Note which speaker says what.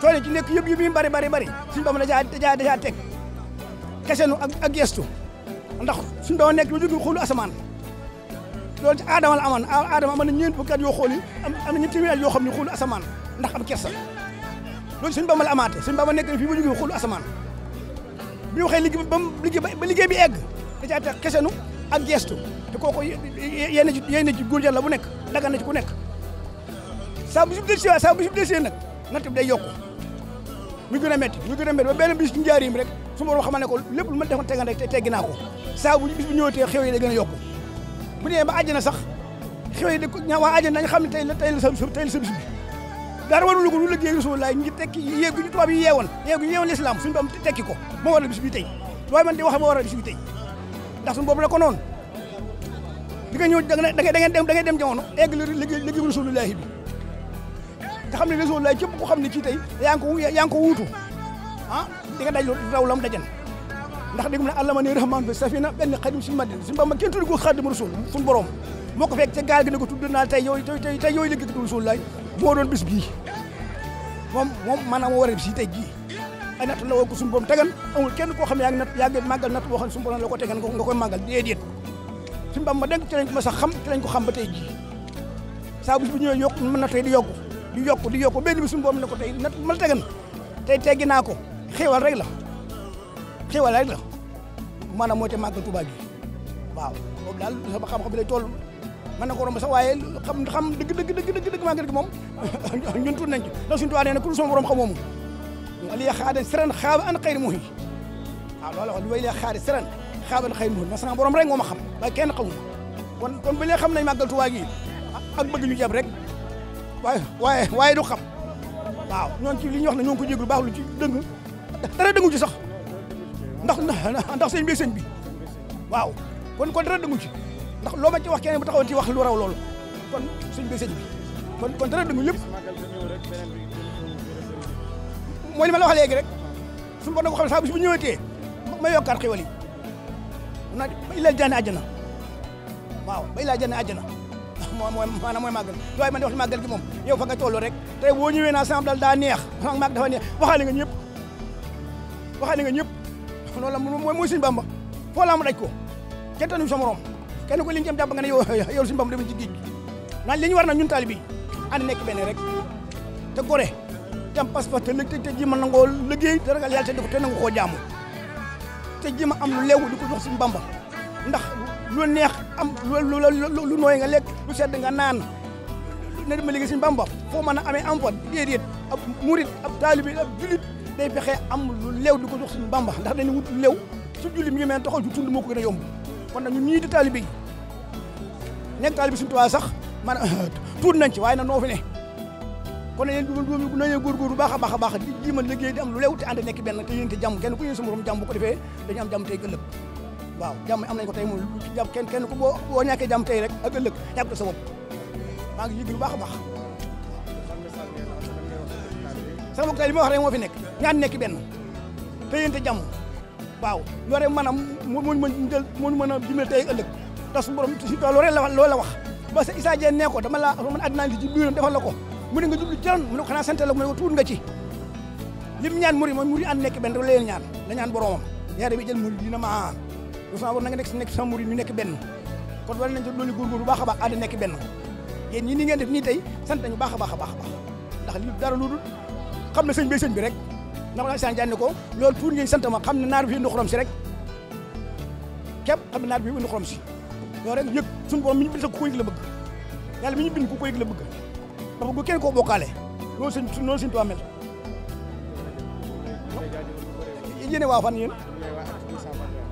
Speaker 1: tool yi ci nekk yëpp yu muy bari bari bari suñu boppam dajaa dajaa dajaa teg kese nu ak ak gestu ndax suñ doon nekk lu jóg loolu ci la amoon aadama amoon na ñeent fukki at yoo xool yi am na ñetti téeméer yoo xam ne xoolu asamaan ndax am kersa loolu suñu boppam la amaatee suñu boppam nekk fii ba jógee xoolu asamaan bi ñu waxee liggéey ba ba liggéey bi egg dajaa teg kese nu ak gestu te kooku yenn ci yenn ci góor yàlla bu nekk dagan na ci ku nekk saa bu si bu desee saa bu si bu desee nag natt bi day yokku ñu gën a métti ñu gën a métti ba benn bis ñu njaariim rek su ma war xamal ne ko lépp ma defoon tegan rek teggi ko saa bu bis bu ñëwatee xew yi da gën a yokku bu ñëwee ba àjjana sax xew yi da waa àjjana nañ xam ne tey la tey la sa tey la sa bis bi dara warul ko lu liggéey Rasulullah ñu tekki yéegu ñu tubaab yi yeewoon yéegu ñu yeewoon l'islam suñu bam tekki ko moo waral bis bi tey waaye man di wax moo waral bis bi tey ndax suñu boobu la ko noonu di nga ñëw da nga da nga dem da nga dem jamono egg liggéey liggéey Rasulullah bi te xam ne Rasulullah képp ko xam ne kii tey yaa ngi ko yaa ngi ko wuutu ah di daj raw lam dajan ndax dégg na allama ni rahman fi safina benn xadim suñu madin suñu bamba kenn tuddi ko xadim rasul moo ko a bis yi tey jii ay natt la woo ko suñu borom tegan amul kenn koo xam ne yaa ngi natt yaa ngi màggal natt boo xam ne suñu borom la ko tegan nga koy màggal déedéet suñu ma sax xam ci lañ ko xam ba tey jii saa bis bu ñëwee yokk mën na tey di yokku di yokku di yokku benn bi suñu borom ne ko tey nat ma tegan tey teggi naa ko xéewal rek la xéewal rek la maanaam mooy te màggal Tuubaa gi waaw boobu daal sama xam-xam bi lay toll mën na ko romb sax waaye xam xam dëgg dëgg dëgg dëgg dëgg màggal gi moom ñun tuut nañ ci ndax suñu Tuubaa nee na ku dul sama borom xamoomu wala ya xaade seren xaaba an xayri muhi waaw loolu wax way la xaade seren xaaba an xayri muhi ma sama borom rek moo ma xam waaye kenn xamuma kon kon ba léegi xam nañ màggal Tuubaa gi ak bëgg ñu jàpp rek waaye waaye waaye du xam waaw ñoon ci li ñu wax ne ñoo ngi ko jéglu baax lu ci dëng dara dëngu ci sax ndax ndax sëñ bi sëñ bi waaw kon kon dara dëngu ci ndax loo ma ci wax keneen bu taxawoon ci wax lu raw loolu kon sëñ bi sëñ bi kon kon dara dëngu lépp mooy li ma la wax léegi rek suñu bon na ko xam ne saa bis ñëwee ñëwetee ma yokkaat xéwal yi na bay laa waaw bay laa jane ajana moo maanaam mooy màggal waaye man di wax màggal gi moom yow fa nga rek te boo ñëwee naa sama dal daa neex maag màgg dafa neex waxaale nga ñëpp waxaale nga ñëpp loolu la mooy suñu bamba foo laa mu daj ko kenn tanu sa kenn ko li ñu jëm jàpp nga ne yow yow suñu bamba dem ci géej naan li ñu war na ñun taalibe yi ànd nekk benn rek te gore jam passeport te lëg te jima nangoo liggéey te ragal yàlla te nangu te jima am lu leewu di ndax lu neex am lu lu nooy nga lekk lu sedd nga naan ne ma liggéey si Bamba foo mën a amee am fa déedéet ab murit ab taalibi ab julit day fexe am lu leew di ko jox suñu Bamba ndax dañu wut leew su julli mi ngi mel taxaw ju tund moo ko gën a yomb kon a ñun ñii di taalibe yi nekk taalibe suñu Tuubaa sax man tuut nañ ci waaye nag noo fi ne kon a baax a baax di lu leew te ànd nekk benn te yéen te kenn ku yéen sa morom ko defee dañu am jàmm tey ëllëg waaw jàmm am nañ ko tey moom jàmm kenn kenn ku boo boo ñàkkee jàmm tey rek ak ëllëg jàpp sa bopp maa ngi yëg lu baax a baax. sama mbokk tey li ma wax rek moo fi nekk ñaan nekk benn téyante jàmm waaw loolu rek maanaam moo mën jël moo mën a dimbali tey ëllëg tas borom si loolu rek la wax loolu la sa Issa Dieng nee ko dama la man àddinaa ko mu ne nga jublu jëloon mu ne ko xanaa sant la mu ne ko tuut nga ci lim ñaan muri moom muri ànd nekk benn rek la leen ñaan la ñaan boromam ñaare bi jël muri dina maa yow sama borom na nga nekk si nekk sama murid ñu nekk benn kon wala nañ te loolu góorgóorlu baax a baax ànd nekk benn yéen ñi ni ngeen def tey sant nañu baax a baax a baax ndax li dara lu dul xam ne sëñ bi sëñ bi rek ndax ma saan jànne ko loolu tuur ngeen sant ma xam ne naar bi indi xorom si rek képp xam ne naar bi indi xorom si loolu rek yëg suñu borom mi ñu bind ku la bëgg yàlla mi ñu bind ku ko la bëgg dafa bu kenn koo bokkaale loolu sëñ loolu sëñ Tuubaa mel yéen waa fan yéen